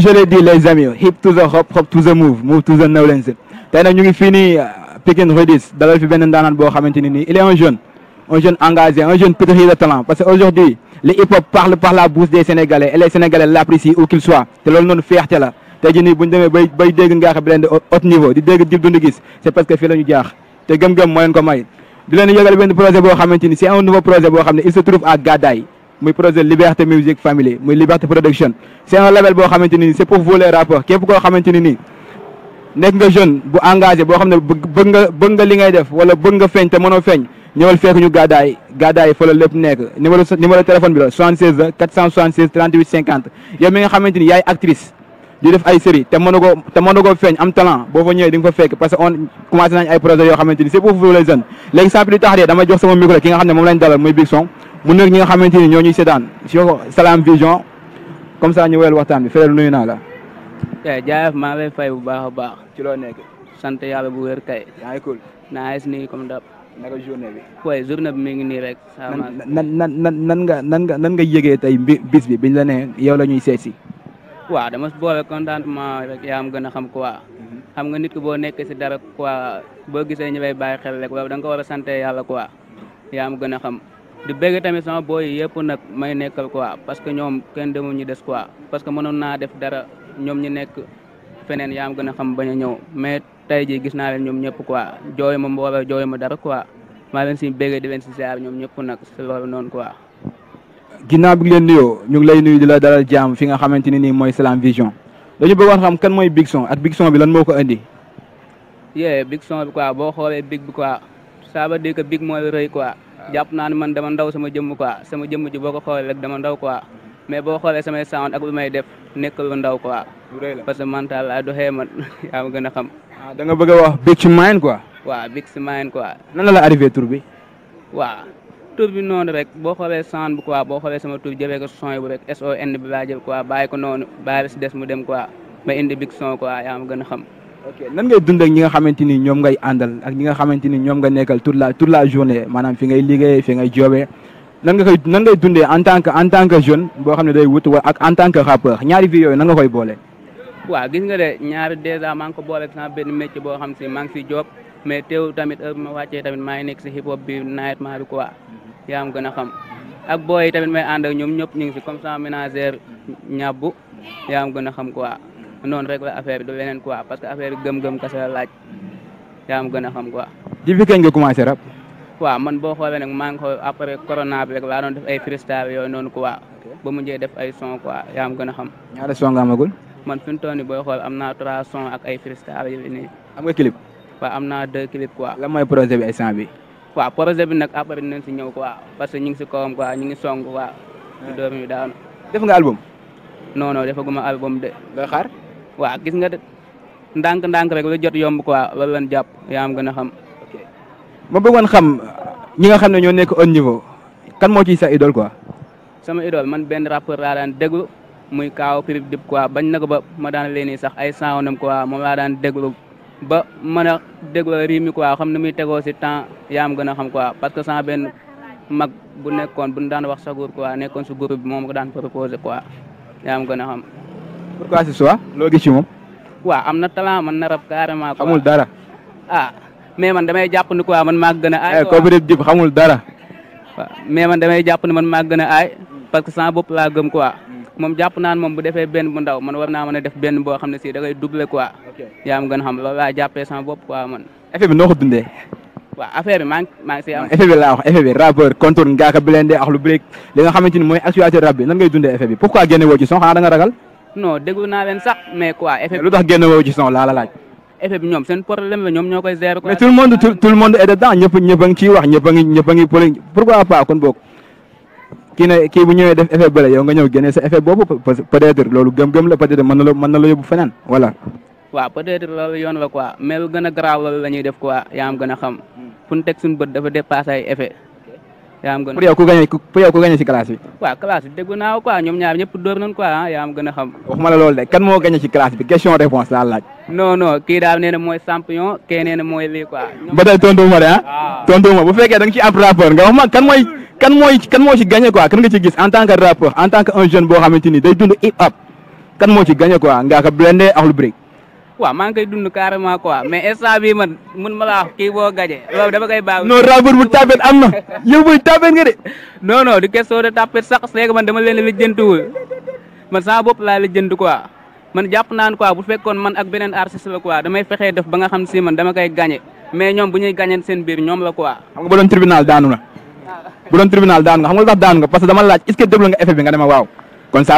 comme je l'ai dit les hip to hop hop move move to the nawleen ñu ngi fii nii euh, Pikine Redis fi benn ndaanaan boo xamante ni il est un jeune un un jeune pétri de talent parce que aujourd'hui le hip hop parle par la bouche des sénégalais et les sénégalais l'apprécient où qu'il soit te loolu noonu fierté la tey jii nii bay bay ngaax bi leen haut niveau di dégg Dip Doundou c'est parce que fii la ñu jaax te gëm-gëm moo di leen yëgal benn muy projet Liberté Musique Family muy Liberté Production c' est boo xamante ni c' est pour vous les rappeurs képp koo xamante nga jeune bu engagé boo xam ne bëgg nga bëgg nga li ngay def wala bëgg nga feeñ te mënoo feeñ ñëwal fekk ñu gàddaay gàddaay fa la lépp nekk téléphone bi la 76 la 476 38 50 yow mi yaay actrice di def ay série te mënagoo te feeñ am talent boo fa ñëwee di nga fa parce que on commencé nañ ay projet yoo xamante ni pour vous les jeunes mu nekk ñi nga xamante ni ñoo ñuy seetaan si Salam Vision comme ça ñu wéyal waxtaan bi frère nuyu naa la. kay eh, jaayaf maa ngi lay fay bu baax a baax. ci loo nekk. sant yàlla bu wér kay. yaa ngi cool. naa yees nii bi. waaye journée bi mi ngi nii rek. nan nan nan nan nga nan nan nga yëgee tey bis bi la nee yow la ñuy seet si. waaw dama boole contentement rek yaa am gën a xam quoi. Mhm. xam nga nit ki boo nekkee si dara quoi boo gisee ñu lay bàyyi xel rek waaw da war a sant yàlla quoi yaa a xam. di bëgg tamit sama booy yëpp nag may nekkal quoi parce que ñoom kenn demul ñu des quoi parce que mënoon naa def dara ñoom ñu nekk feneen yaa am gën a xam bañ a mais tey jii gis naa leen ñoom ñëpp quoi jooy ma mboobe jooy ma dara quoi maa leen si bëgg di leen si ziar ñoom ñëpp nag si loolu noonu quoi. ginnaaw bi ngi leen nuyoo ñu ngi lay nuy di la dalal jàmm fi nga xamante ni nii mooy Salam Vision dañu bëggoon xam kan mooy Big Son ak Big Son bi lan ko indi. yee Big boo xoolee big bi quoi ça veut jàpp naa ne man dama ndaw sama jëmm quoi sama jëmm ji boo ko xoolee rek dama ndaw quoi mais boo xoolee samay sound ak lu may def nekk lu ndaw quoi. parce que mental laa doxee man yaa ma gën a xam. ah da bëgg a wax big ci mayen quoi. waaw big ci mayen quoi. nan la la arrivé bi. waaw tour bi noonu rek boo xoolee sound bi quoi boo xoolee sama tur jëfee ko son bu rek son bi laa jël quoi bàyyi ko noonu bàyyi la si des mu dem quoi ma indi big son quoi yaa gën a xam. ok nan ngay dund ak ñi nga xamante ni ñoom ngay àndal ak ñi nga xamante ni ñoom nga nekkal toute la toute la journée maanaam fi ngay liggéeyee fi ngay joobee nan nga koy ngay dundee en tant que en tant que jeune boo xam ne day wut ak en tant que rappeur ñaari vie yooyu nan boole. waaw gis nga de ñaari dèjà maa ngi ko boole sama benn métier boo xam si maa ngi si job mais teew tamit heure ma wàccee tamit maa ngi nekk si hip hop bi nawet maa bi quoi yaa am xam ak booy tamit may ànd ak ñoom ñëpp ñu ngi si comme ça ménagère ñàbbu yaa am gën xam quoi. noonu rek la affaire bi du leneen quoi parce que affaire gëm-gëm kese laaj yaa am gën a xam quoi. ji fi kañ man boo xoolee nag maa ngi xool après corona bi rek laa doon def ay freestyle yooyu noonu quoi ba mujjee def ay son quoi yaa am gën a xam. ñaata man fi mu xool am naa trois son ak ay freestyle yu nii. am nga clip. waaw am naa deux clip quoi. lan mooy projet bi instant bi waaw projet bi nag après dinañ si ñëw quoi parce que ñu ngi si kawam quoi ñu ngi song quoi. doom yi daanu. waa gis nga ndànk-ndànk rek lu jot yomb quoi loolu lan jàpp yaa na gën a xam. ok ma bëggoon xam ñi nga xam ne ñoo nekk au niveau kan moo ciy sax idole quoi. sama idole man benn rappeur laa daan déglu muy Kaaw Pirip Dip quoi bañ na ko ba ma daan leen nii sax ay saawonam quoi moom laa daan déglu ba mën a déglu riim yi quoi xam ne muy tegoo si temps yaa am na xam quoi parce que sans benn mag bu nekkoon bu ñu daan wax sa góor quoi nekkoon si groupe bi moom ko daan proposé quoi yaa am na a xam. pourquoi ce soit loo gis ci moom. waaw am na talent man na rab carrément. xamul dara. ah eh, mais man damay jàpp ni man maa gën a. aay kooku de jib xamul dara. mais man damay a aay parce que sama bopp laa gëm quoi. moom jàpp naan moom bu defee benn bu ndaw man war naa mën a def benn boo xam ne si da ngay doubler quoi. yaa am gën xam loolu laa jàppee bopp quoi man. effet bi noo ko dundee. waaw laa wax effet bi rappeur contour Ngaaka Blindé ak lu bëri li nga xamante ni mooy actualité rap bi nan ngay dundee effet bi pourquoi génne woo non déglu naa leen sax mais quoi. effet bi ñoom seen problème la ñoom ñoo koy gérer. mais tout le monde tout le monde est dedans ñëpp ñëpp wax ñëpp a ngi ñëpp a ngi poli pourquoi pas kii bu ñëwee def effet bële yow ñëw génne sa effet boobu peut-être loolu gëm-gëm la peut-être mën na la mën feneen voilà. waaw peut-être loolu yoon la quoi mais gën a garaaw loolu la def quoi yaa gën a xam hmm. fu teg suñu bët dafa dépassé ay yaa am gën ku gagné pour yow bi waaw classe bi dégg naa ñaar ñëpp dóor nañ quoi ah yaa a xam waxuma la loolu de kan moo gagné si classe bi question réponse laa laaj non non kii daal nee na mooy champion kee nee na mooy lii quoi ba tey tontuwuma de ah, ah. bu fekkee da nga ci ab rapport kan mooy kan mooy moo ci gagné quoi kan nga ci gis en tant que rappeur en tant que un jeune boo xamante ni day dund hip hop kan moo ci gagné quoi Ngaaka Blindé Akhlou Brick waaw maa ngi koy dund carrément quoi mais instant bii man mun ma laa wax kii boo gaje loolu dama koy baax. non rappeur bu tapet am na yow mooy tapet nga de. non non du question de tapet sax c'est man dama leen lijjantiwul man sama bopp laa lijjanti quoi man jàpp naan quoi bu fekkoon man ak beneen artiste la quoi damay fexee def ba nga xam si dama koy gagné mais ñoom bu ñuy gagné seen biir ñoom la quoi. xam nga bu doon tribunal daanu na. Ah. bu doon tribunal ma waaw kon ça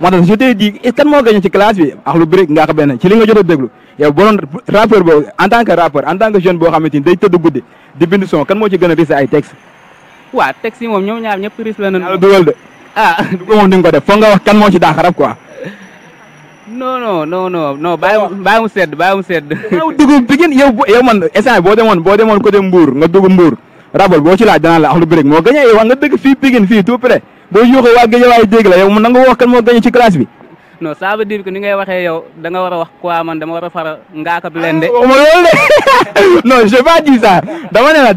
moo tax je te dis kan moo gagné ci classe bi ak lu bëri nga xam benn ci li nga jot a déglu yow boo doon rappeur boobu en tant que rappeur en tant que jeune boo xamante ni day tëdd guddi di bind son kan moo ci gën a ay texte. waaw texte moom ñoom ñaar ñëpp risque la nañu. dugal de ah dugal moom di ko def foog nga wax kan moo ci daax rab quoi. no non non non non bàyyi bàyyi mu sed bàyyi mu sedd. yow dugub bi yow yow man instant boo demoon boo demoon côté Mbour nga dugg Mbour. rabal boo ci laaj danaa la Akhlou Brick moo gagné yow wax nga dëgg fii Pikine fii tout près boo yuuxoo waa Guédiawaye dégg la yow mu na nga wax kan moo ci classe bi da nga war a wax quoi man dama war a fara ngaaka bi leen ne la dama ne la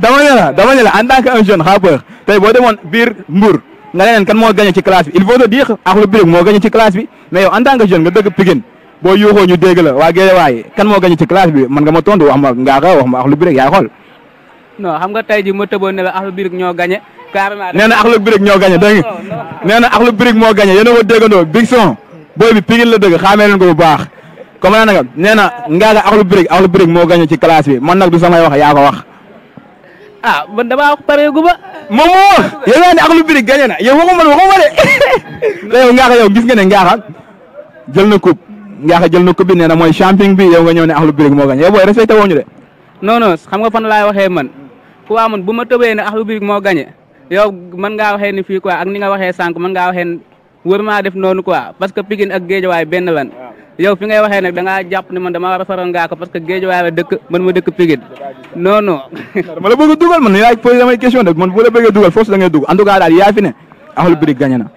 dama ne la en tant que un jeune rappeur boo demoon biir Mbour nga ne kan moo gagné ci classe bi il faut te dire Akhlou Brick moo gagné ci classe bi mais yow en tant que jeune nga dëgg Pikine boo yuuxoo ñu dégg la waa Guédiawaye kan moo gagné ci classe bi man nga ma tontu wax ma ngaaka wax ma Akhlou Brick non xam nga tey ji ma tëboon ne la Akhlou Brick ñoo gagné carrément nee na Akhlou ñoo gagné dégg nga nee na Akhlou Brick moo gagné yéen a ko déggandoo Big la dëgg xaamee ko bu baax comme naa nag nee na Ngaka Akhlou Brick Akhlou Brick moo gagné ci classe bi man nag du samay wax yaa ko wax ah man damaa pare gu ba moom moo wax yow yaa ne Akhlou Brick gagné na yow waxuma waxuma de yow Ngaka yow gis nga ne Ngaka na coupe Ngaka jël na coupe bi nee na mooy bi yow nga ñëw ne Akhlou Brick moo gagné yow booy respecté woo ñu de xam nga fan laay waxee man quoi man bu ma tëbee ne Akhlou Brick moo gagné yow man ngaa waxee ni fii quoi ak ni nga waxee sànq mën ngaa waxee ne wër def noonu quoi parce que Pikine ak Guédiawaye benn lan yow fi ngay waxee nag da ngaa jàpp ne man dama war a faral ngaa ko parce que Guédiawaye la dëkk man ma dëkk Pikine non non. dama la bëgg a dugal man yaa ngi posé damay question de man bu la dugal foofu da ngay dugal en tout daal yaa fi ne Akhlou na. Ah,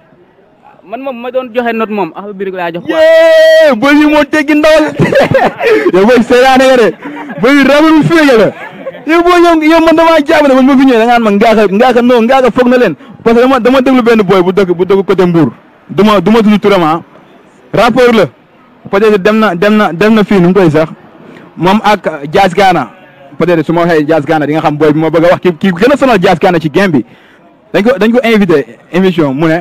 man moom ma doon joxe moom Akhlou Brick laa jox. yow boo yow yow man damaa jaamu ne man ma fi ñëwee da ngaan na leen parce que dama boy bu dëgg bu dëgg côté Mbour du ma du ma tudd ah. la peut-être dem na dem na dem na fii nu mu koy sax moom ak Diaz Gana peut-être su ma waxee di nga xam boy bi ma bëgg a wax ki kii gën a sonal Diaz Gana ci game bi dañ ko dañ ko invité émission mu ne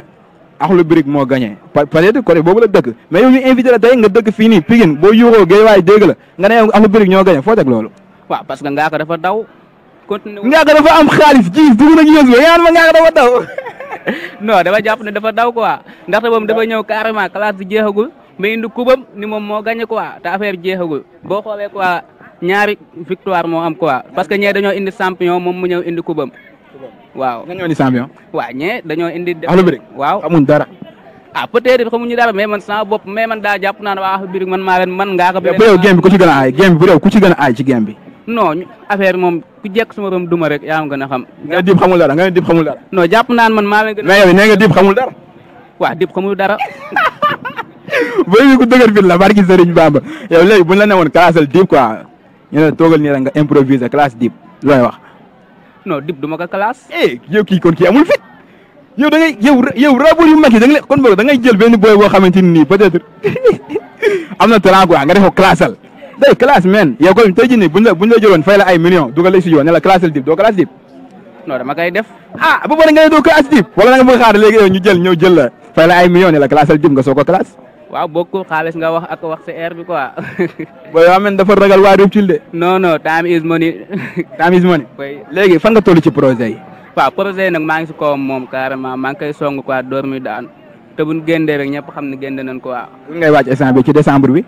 Akhlou Brick moo gagné peut-être côté boobu la dëkk mais yow ñu invité la nga dëkk fii nii Pikine boo yuuxoo Guédiawaye dégg la nga ne Akhlou Brick ñoo gagné foo teg loolu waaw parce que Ngaaka dafa daw. continué Ngaaka dafa am xaalis jiif dugg a ma Ngaaka dafa daw. non dama jàpp ne dafa daw quoi ndaxte moom dafa ñëw carrément classe bi jeexagul mais indi kubam ni moom moo gagné quoi te affaire jeexagul boo xoolee quoi ñaari victoire moo am quoi parce que ñee dañoo indi champion moom mu ñëw indi kubam. waaw ñee dañoo indi. allo ah, bi waaw amuñ dara. ah peut-être xamuñu dara mais man sama bopp man daa jàpp naa ne waa man maa leen man ngaa ko. bu réew ku ci gën a aay a aay non affaire moom ku jekk suma rom duma rek yaa ma gën a xam. nga ne Dip xamul dara nga ne Dip xamul dara. non jàpp naan man maa la gën a. mais yow nee nga Dip xamul dara. waaw Dip xamul dara. booy ku dëgër fit la barki Serigne Bamba yow léegi buñ la newoon classal Dip quoi ñu ne toogal nii rek nga improviser classe Dip looy wax. non Dip du ma ko classe. eh yow kii kon kii amul fit yow da ngay yow yow rabul yu mag yi da ngay kon boog da ngay jël benn booy boo xamante ni nii peut am na talent quoi nga def ko day classe men yow koy tey jii nii buñ la fay la ay millions dugal la studio ne la classe dip doo classe dip non dama koy def ah bu bari nga ne doo classe dip wala nga bëgg xaar léegi yow ñu jël ñëw jël la fay la ay millions ne la classe dip nga soo ko classe waaw bokkul nga wax wax air bi quoi booy waa men dafa ragal waa Ruptile de non non time is money time is money léegi fan nga toll ci projet yi waaw projet yi nag maa ngi si kawam moom carrément maa ngi koy song quoi door mi daan rek ñëpp xam ne génne nañ quoi ngay wàcc instant bi ci décembre bi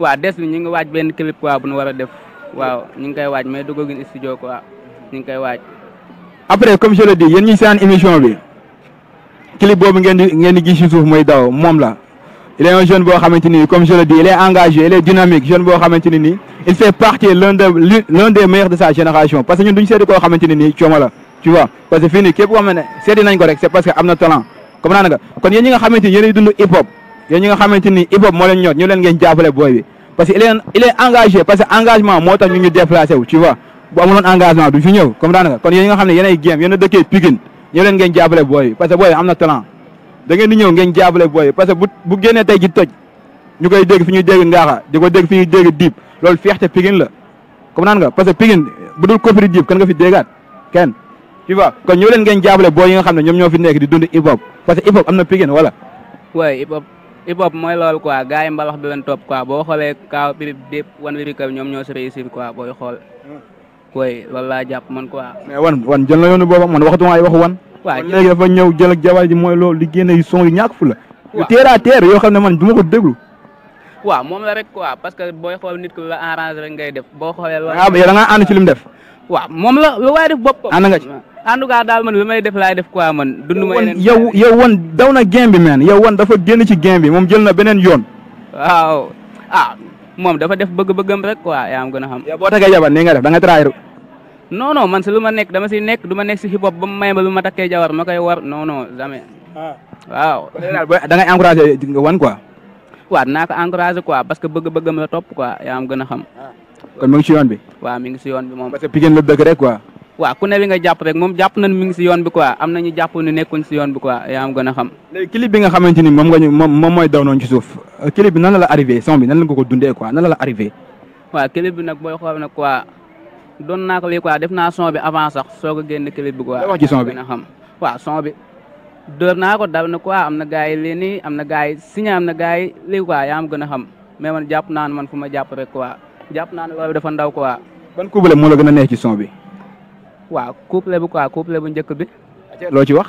waaw des bi ñu ngi waaj benn clip quoi bu ñu war a def waaw ñu ngi koy waaj mais duggaguñ studio quoi ñu ngi koy waaj. après comme je le dis yéen ñi seen émission bi clip boobu ngeen di ngeen di gis ci suuf mooy daw moom la il est un boo xamante ni comme je le dis il engagé il est dynamique jeune boo xamante ne nii il fait partie l'un de l'un des meilleurs de sa génération parce que ñun duñ seeti koo xamante ne nii cooma la tu vois parce que fii képp koo xam seeti na talent comprendre nga kon yéen nga xamante ni hip hop moo leen ñor ñu leen ngeen jàppale booy bi parce que il est il est engagé parce que engagement moo tax ñu ñu déplacé wu tu bu amuloon engagement du fi ñëw comme daanaka kon yéen a dëkkee ñu ngeen jàppale booy bi parce que booy bi am na talent da bu bu génnee ji toj ñu koy dégg fi ñuy dégg ngaaxa di ko dégg fi ñuy dégg diib loolu fierté Pikine la comme naan parce que Pikine bu dul coopérative diib kan nga fi déggaat kenn tu vois kon ñoo leen ngeen jàppale booy yi nga xam ne ñoom ñoo fi nekk di dund hip hop parce hip hop hip hop mooy loolu quoi gars yi mbalax bi leen topp quoi boo xoolee kaw bi dépp wan bi kaw ñoom ñoo si réussir booy xool. koy loolu laa jàpp man quoi. mais wan wan jël na yoonu man waxtu ay waxu wan. waaw léegi dafa ñëw jël ak mooy loolu di génne yu son yu ñàkk fu la. waaw teer yoo xam ne man du ma ko déglu. waaw moom la rek quoi parce que booy xool nit ku la arrange rek ngay def boo xoolee. loolu ah, da ngaa ànd ci li mu def. moom la lu waay def en tout cas daal man li may def laay def quoi man. dund ma yow yow wan daw na game bi man yow wan dafa génn ci game bi moom jël na beneen yoon. waaw a ah, moom dafa def bëgg-bëggam rek quoi yaa am gën a xam. yow boo takkee jabar nii nga def da nga trahir. non non man ma nekk dama si nekk du nekk si hip hop ba mu may ma lu ma takkee jabar ma koy war non non jamais. Ah. waaw. da ngay encouragé nga wan quoi. waaw dinaa ko parce que bëgg-bëggam la topp quoi yaa am gën a xam. Ah. kon mu ngi si yoon bi. waaw mi ngi si yoon bi moom. parce que Pikine la dëkk rek quoi. waaw ku ne li nga jàpp rek moom jàpp nañ mi ngi si yoon bi quoi am nañu jàpp ne nekkuñ si yoon bi quoi yaa am gën a xam léegi clip bi nga xamante ni moom nga moom moom mooy daw noonu ci suuf euh, clip bi nan la la arrivé son bi nan la nga ko dundee quoi nan la bi nag booy xool nag quoi doon naa ko lii quoi def naa son bi avant sax soog a génn clip bi quoi wax ci son bi gën a xam waaw son bi dóor naa ko dab na quoi am na gars yi lii nii am na gars yi signé am na gars yi lii quoi yaa gën a xam mais man jàpp naan man fu ma jàpp rek quoi jàpp naan loolu dafa ndaw quoi ban couplet moo a neex ci son bi waaw couple bu quoi couple bu njëkk bi. loo ci wax.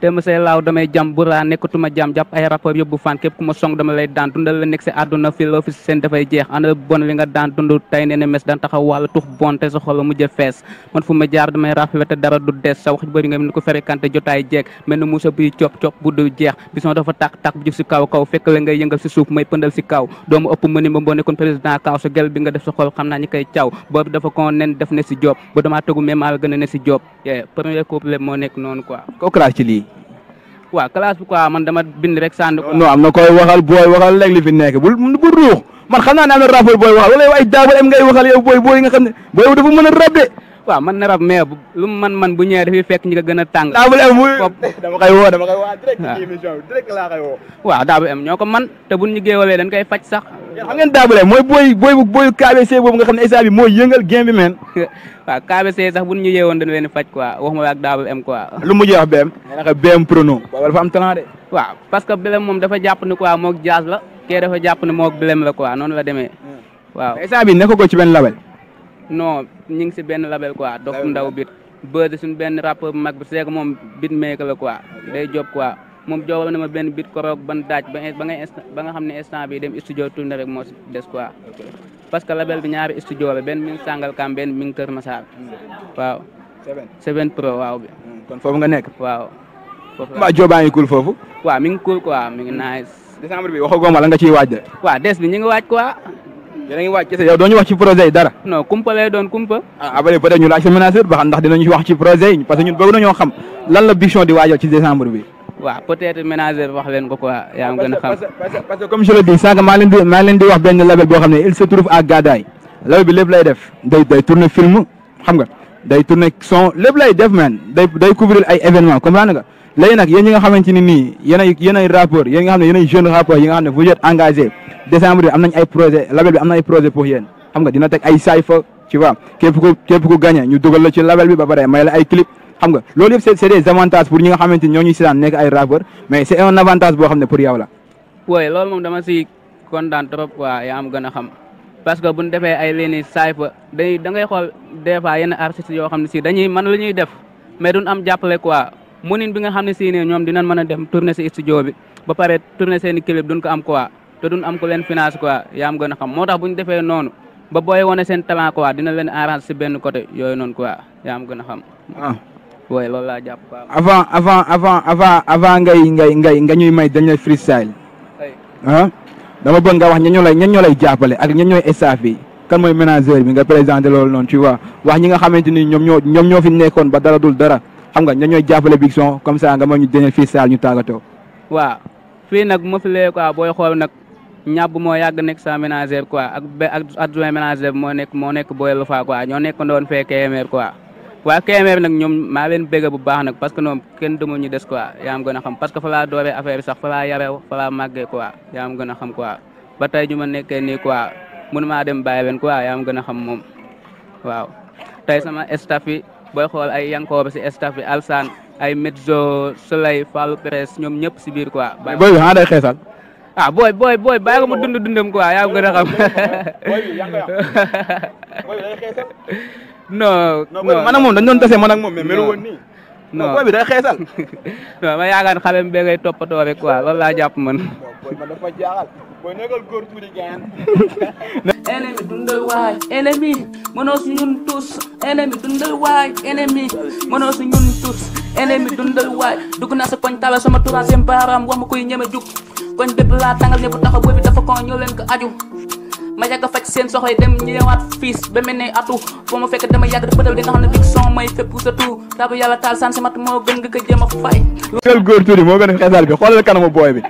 te monsieur laaw damay jam bu raa nekkatuma jam jàpp ay rapport yóbbu fan képp ku ma song dama lay daan dundal la nekk si àdduna fi loo fi seen dafay jeex ana bon li nga daan dund tey nee mes daan taxaw wàll tux bon te sa xol mujj fees man fu ma jaar damay rafet te dara du des sa wax bëri nga mel mel ni muusa buy cop cop bu du jeex dafa tàq tàq bu si kaw kaw fekk la nga yëngal si suuf may pëndal si kaw doomu ëpp mëni ba boo nekkoon président kaw sa gel bi nga def sa xol xam naa ñi koy caw boobu ne si job ba a ne si waaw classe bi quoi man dama bind rek sànni quoi. non am na koy waxal booy waxal léegi li fi nekk bul bul ruux man xam naa ne am booy waxal wala yow ay daabal am ngay waxal yow booy booy nga xam ne booy dafa mën a waaw man na rab mais lu mu man man bu ñëwee dafay fekk ñi gën a tàng. Daabu M woo dama koy woo direct ci ko man te buñ ñu géewee dañ koy faj sax. xam ngeen Daabu mooy booy booy booyu KBC boobu xam ne instant bi mooy yëngal bi meen. waaw KBC sax buñ ñu yeewoon dañ leen faj quoi la wax BM. nee na ko BM prono. waaw dafa am talent de. waaw parce que BM moom dafa jàpp ni quoi moog jazz la kii dafa jàpp ne moog BM la quoi noonu la demee hmm. waaw. instant bi nekk ko ci benn label. non ñu ngi si benn label quoi dox ndaw bit beude suñu benn rappeur bu mag bi seeg moom bit maker la quoi job quoi moom joobal na ma benn bit koroog ban daaj ba ngay ba xam ne instant bi dem studio tourné rek moo des quoi parce que label bi ñaari studio la benn mi ngi Sangalkam benn mi ngi Kër Massar hmm. waaw seven pro waaw bi hmm, kon foofu nga nekk waaw mbaa joobaa ngi cool foofu waaw mi ngi cool quoi mi ngi nice décembre bi waxagoo ma la nga ciy waaj de waaw des bi ñu waaj quoi yéen a ngi wàcc yow wax ci projet dara. non kumpa doon kumpa. ah après ñu laaj sa ménageur ba xam ndax dinañu wax ci projet parce que ñun bëgg nañoo xam lan la Bichon di waajal ci décembre bi. waaw peut wax leen ko quoi yaa ngi a xam. parce que comme je le dis maa leen di maa leen di label boo xam ne il se trouve à Gadaye label bi lépp lay def day day tourner film xam nga day tourner son lépp lay def man day day couvrir ay événements comprendre nga léegi nag yéen ñi nga xamante ni nii yéen ay yéen ay rappeurs yéen nga xam ne yéen ay jeunes rappeurs yi nga xam ne vous êtes engagés décembre bi am nañ ay projet label bi am na ay projet pour yéen xam nga dina teg ay saay fa tu vois képp ku képp ku gagné ñu dugal la ci label bi ba pare may la ay clip xam nga loolu yëpp c'est des avantages pour ñi nga xamante ni ñoo ñuy seetaan nekk ay rappeurs mais c'est un avantage boo xam ne pour yow la wooy loolu moom dama si kontaan trop quoi yaa am gën a xam parce que bu ñu defee ay leeni saay fa dañuy da ngay xool des fois yenn artistes yoo xam ne si dañuy mën lu ñuy def mais duñ am jàppale quoi mënin bi nga xam ne si ne dina dinañ mën a dem tourner si studio bi ba pare tourner seen i clip duñ am quoi te duñ am ko leen finance quoi yaa am gën moo tax bu ñu defee noonu ba booy wane seen talent quoi dina leen arrange si benn côté yooyu noon quoi yaa am gën a xam. ah oui loolu jàpp quoi. avant avant avant avant avant ngay ngay ngay nga ñuy may dañ lay freestyle. ah dama bëgg nga wax ñan ñoo lay ñan ñoo lay jàppale ak ñan ñooy staff bi kan mooy manager bi nga présenté loolu noonu tu wax ñi nga xamante ni ñoom ñoo ñoom ñoo fi nekkoon ba dara dara. xam nga ñoo ñooy jàppale Big Son comme ça nga mën ñu dene fii saal ñu tàggatoo. waaw fii nag bu ma fi booy xool nag ñàbb moo yàgg nekk sa ménagère quoi ak be ak adjoint ménagère moo nekk moo nekk booy lu fa quoi ñoo nekk ndoon fee KMR quoi. waa KMR nag ñoom maa leen bëgg bu baax nag parce que noom kenn demul ñu des quoi yaa am gën a xam parce que fa laa dooree affaire bi sax fa laa yarew fa laa màggee quoi am gën a xam quoi ba tey ñu ma nekkee nii quoi mënu maa dem bàyyi leen quoi yaa am gën a xam moom waaw booy xool ay yankooba si staff bi alsan ay Medzo Soleil Fall Press ñoom ñëpp si biir quoi. booy bi xanaa day xeesal. ah booy booy booy ko mu dund dundam quoi yaa ngi gën a xam. booy bi day xeesal. moom dañu doon tase man ak moom mais melu woon nii. non booy bi day xeesal. non loolu laa jàpp man. mooy nekkal góor tuuti gaan. ennemi dundal waay ennemi mënoo si ñun tous ennemi dundal waay ennemi mënoo si ñun tous ennemi dundal waay dugg naa sa koñ tawee sama troisième baaraam wax ma koy ñeme jug koñ bépp laa tàngal ñëpp taxaw boobu dafa ko ñëw leen ko aju. ma yàgg faj seen soxla yi dem ñëwaat fiis ba mel ne atu foo ma fekk dama yàgg di bëtal di nga xam ne fiction may fépp surtout tabu yàlla taal san si mat moo gën nga ko fay. moo gën a xeesal bi xoolal kanamu booy bi.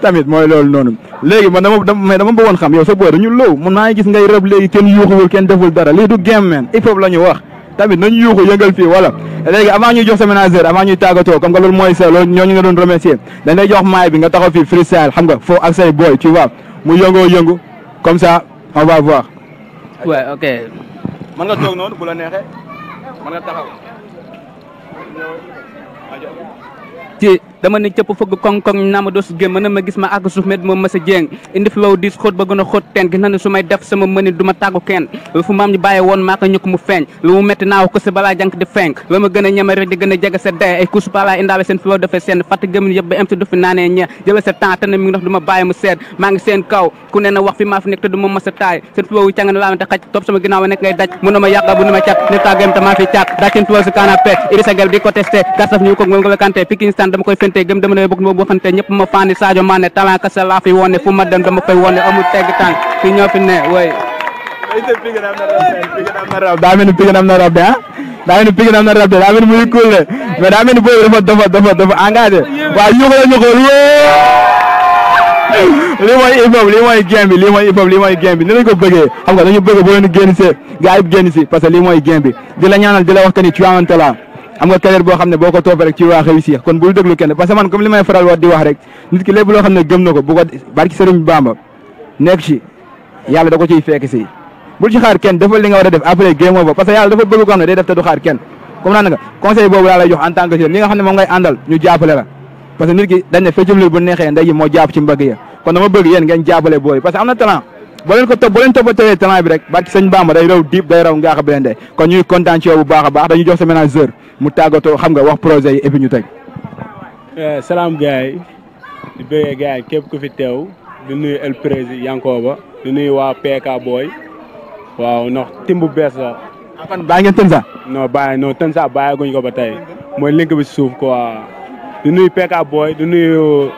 tamit mooy lool noonu léegi man dama mais dama bëggoon xam yow sa booy dañu lëw mun naa gis ngay rëb léegi kenn yuuxuwul kenn deful dara lii du game man il faut la ñu wax tamit na yuuxu yëngal fii wala léegi avant ñuy jox sa ménagère avant ñuy tàggatoo comme que loolu mooy sa loolu ñooñu nga doon remercier dañ lay jox maay bi nga taxaw fii freestyle xam nga foo ak say booy tu vois mu yëngoo yëngu comme ça on va voir. waaw ok. mën nga toog noonu neexee mën nga dama ne cëpp fëgg koŋ-koŋ naa ma doo génn mën na ma ma àgg suuf met moom ma sa jéeng indi fi law diis xóot ba gën a xóot teen gis na ne su def sama mëni du ma tàggu kenn lu fu ma gën a fi law defee seen fàtt gëmin yëpp te ne mi du ma bàyyi mu seet maa ngi seen kaw ku ne na wax fi maa fi nekk du ma mas taay seen fi law yu càngan laa te xaj topp sama ginnaaw nekk ngay daj mun na ma bu ne ma càq ne tàggeem te maa fi càq daa seen fi law si kanapé waxante gëm dama lay bëgg ma waxante ñëpp ma faani Sadio Mané talent kese laa fi wone fu ma dem dama wone amul tegg tànk ñoo fi ne way daa mel ni Pikine am na rab de ah daa mel ni Pikine am na rab de daa mel ni muy cool de mais daa mel ni boobu dafa dafa dafa dafa engagé waaw ñuxal ñuxal lii mooy hip hop lii mooy game bi lii mooy hip hop lii mooy ni lañ ko bëggee xam dañu bëgg boo leen génn see gars parce que lii mooy game bi di la ñaanal di la wax am nga boo xam ne boo ko toppee rek ci waa réussir kon bul déglu kenn parce man comme li may faral wax di wax rek nit ki lépp xam ne gëm na ko bu ko barki Sëriñ Bamba nekk ci yàlla da ko ciy fekk ci xaar kenn defal li nga war a def après game parce que yàlla dafa bëgg ko xam ne day def te du xaar kenn comme naan nga conseil boobu laa lay jox en tant li nga xam ne moom ngay àndal ñu jàppale la parce que nit ki dañ ne feccum li boo leen ko topp boo leen toppatee talent bi rek ba barki sëñ Bamba day raw diib day raw ngaax blende kon ñuy kontaan ci yow bu baax a baax dañuy jox sa manager mu tàggatoo xam nga wax projet yi et puis ñu teg. Eh, salaam gars yi di bëggee gars yi ku fi teew di nuyu El Prési Yankoba di nuyu waa peeka Boy waaw ndax tim bu bees la. ah kon bàyyi ngeen Tenza. non bàyyi non Tenza bàyyeeguñ ko ba tey mooy link bi suuf quoi di nuyu PK Boy di nuyu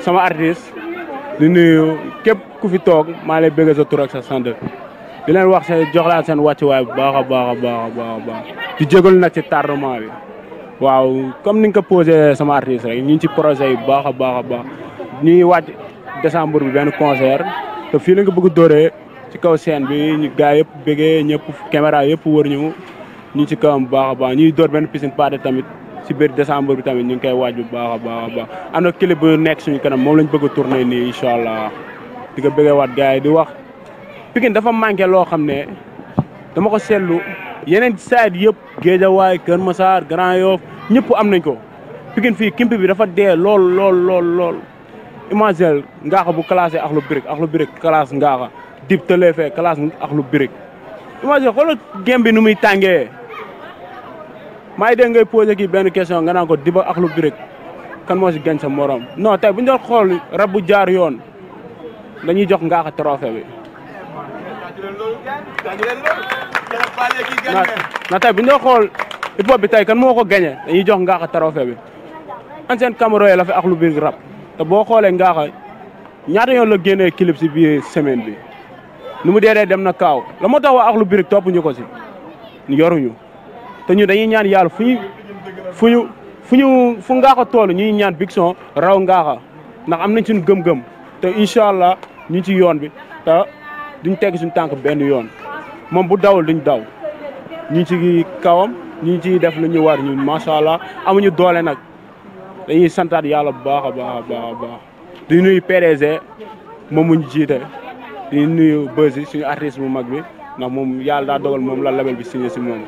sama artiste di nuyu képp. ku fi toog maa lay bëgg sa tur ak sa sant di leen wax seen jox laan seen wàccuwaay bu baax a baax a baax a baax ci tardement bi waaw comme ni nga ko posé sama artiste rek ñu ngi ci projet yi baax a baax a baax ñu ngi wàcc décembre bi benn concert te fii la nga bëgg dóoree ci kaw scène bi ñu gars yëpp bëggee ñëpp caméra yëpp wër ñu ñu ci kawam baax a baax ñuy door benn piscine party tamit ci biir décembre bi tamit ñu ngi koy waaj bu baax a baax a na clip bu nekk suñu kanam moom lañ bëgg a tourner nii incha allah. di ko bëggeewaat gars yi di wax pikin dafa manqué loo xam ne dama ko seetlu yeneen side yëpp Géejawaay Kër Masaar Grand Yoff ñëpp am nañ ko Pikine fii kimpi bi dafa dee lool lool lool lool imagel ngaaxa bu classé Akhlou Brick Akhlou Brick classe ngaaxa dib tëlee fee classe Akhlou Brick imagel xoolal bi nu muy tàngee maa ngi nga ngay posé benn question nga naan ko diba Akhlou Brick kan moo si gañ morom non tey bu ñu xool rab bu jaar yoon dañuy jox Ngaka trophée bi. na na tey xool hip bi tey kan moo ko gagné dañuy jox Ngaka trophée bi. ancien Cameroun la fi ak lu biir rap te boo xoolee Ngaka ñaata yoon la génnee clip si biir semaine bi nu mu deedee dem na kaaw la moo tax waa ak lu biir topp ko si yoruñu te ñu dañuy ñaan yàlla fu ñu fu ñu fu ñu fu Ngaka toll ñaan Big raw Ngaka ndax am nañ suñu gëm-gëm te incha ñu ngi ci yoon bi te duñ tegg suñu tànk benn yoon moom bu dawul duñ daw ñu ngi ci kawam ñu ngi ciy def lu ñu war ñun macha allah amuñu doole nag dañuy santaat yàlla bu baax a baax a nuyu PDG moom mu ñu di nuyu Beuzy suñu artiste bu mag bi ndax moom yàlla daa dogal moom la label bi signé si moom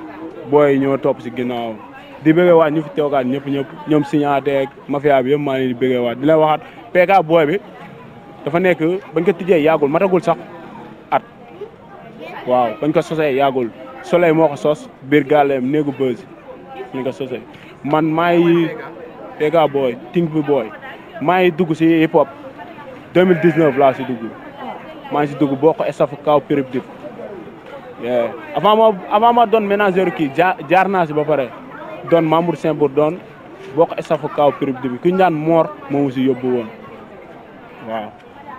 booy ñoo topp si ginnaawam. di bëggee waa ñu fi teewaat ñëpp ñëpp ñoom signaté ak mafia bi yëpp maa ngi leen di bëggee waat di la waxaat PK booy bi. dafa nekk bañ ko tijjee yaagul matagul sax at waaw bañ ko sosee yaagul soleil mooko ko sos biir gàlleem néegu beusi ñu ko sosee man maa ngi Pega Boy Ting bi Boy maa ngi dugg si hip hop 2019 laa si dugg maa ngi si dugg booko ko estaf kaw périb dif avant ma avant ma doon ménageur kii jaar jaar naa ba pare doon Mamour Simbour doon boo ko estaf kaw périb dif ki ñu moor moomu si yóbbu woon waaw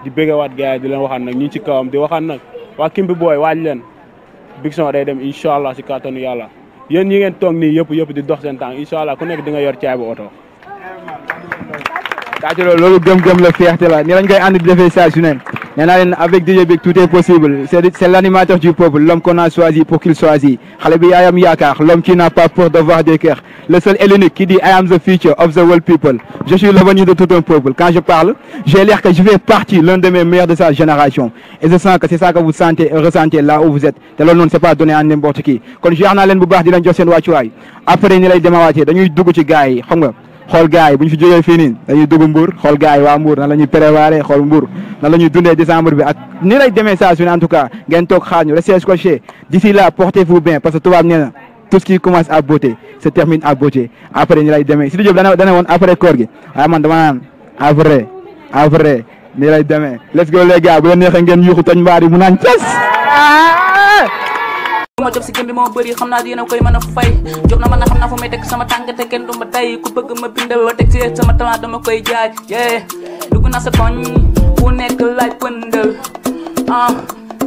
di bëggewaat gars yi di leen waxaan nag ñu ci kawam di waxaan nag waa Kimbi Boy waaj leen Big Son day dem incha allah si kàttanu yàlla yéen yi ngeen toog nii yëpp yëpp di dox seen temps allah ku nekk di nga yor caabi oto daa loolu gëm-gëm la fierté la ni lañ koy ànd di defee avec DJ Big tout est possible c' est du peuple l'homme qu'on a choisi pour qu'il choisit xale bi yaayam l'homme qui n'a pas peur d'avoir des cœurs le seul et qui dit I am the future of the world people je suis l'avenir de tout un peuple quand je parle j'ai l'air que je fais partie l'un des de sa génération et je que vous sentez ressentez là où vous êtes xool gars yi bu ñu fi jógee fii nii dañuy dugg Mbour xool gars yi waa Mbour nan la ñuy préparé xool Mbour nan la ñuy dundee décembre bi ni lay demee saa su ne en tout cas ngeen toog xaar ñu restez scotchés d'ici là portez-vous bien parce que tout ce ni lay demee Sidy Diop dana dana woon après koor gi waaye man dama ni lay demee let's go les bu leen neexee ngeen yuuxu toj mbaar mu naan cas ah! ma job si gém bi moo bëri xam naa di yéen koy mën a fay job na mën na xam naa fu may teg sama tànk te kenn du ma tay ku bëgg ma binde wa teg si sama talent dama koy jaaj yee dugg naa sa koñ ku nekk laaj pëndal ah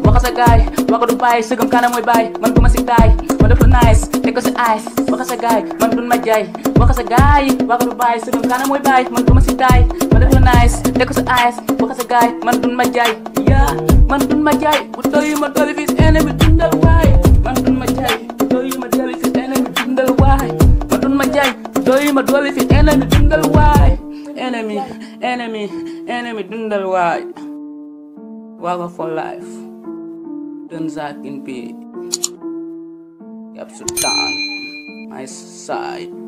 waxa sa gaay waxa du bàyyi sëgam kaana mooy bàyyi man du ma si taay ma def lu nice teg ko si ice waxa sa gaay man duñ ma jaay waxa sa gaay waxa du bàyyi sëgam kaana mooy bàyyi man du ma si taay ma def lu nice def ko sa eyes wax sa gaay man duñ ma jaay yaa man duñ ma jaay bu doy ma dolli fii ene bi dundal waay man duñ ma jaay bu doy ma dolli fii ene bi dundal waay man duñ ma jaay bu doy ma dolli fii ene bi dundal waay enemy enemy enemy dundal waay Waka for life Donzak in peace Yap Sultan my side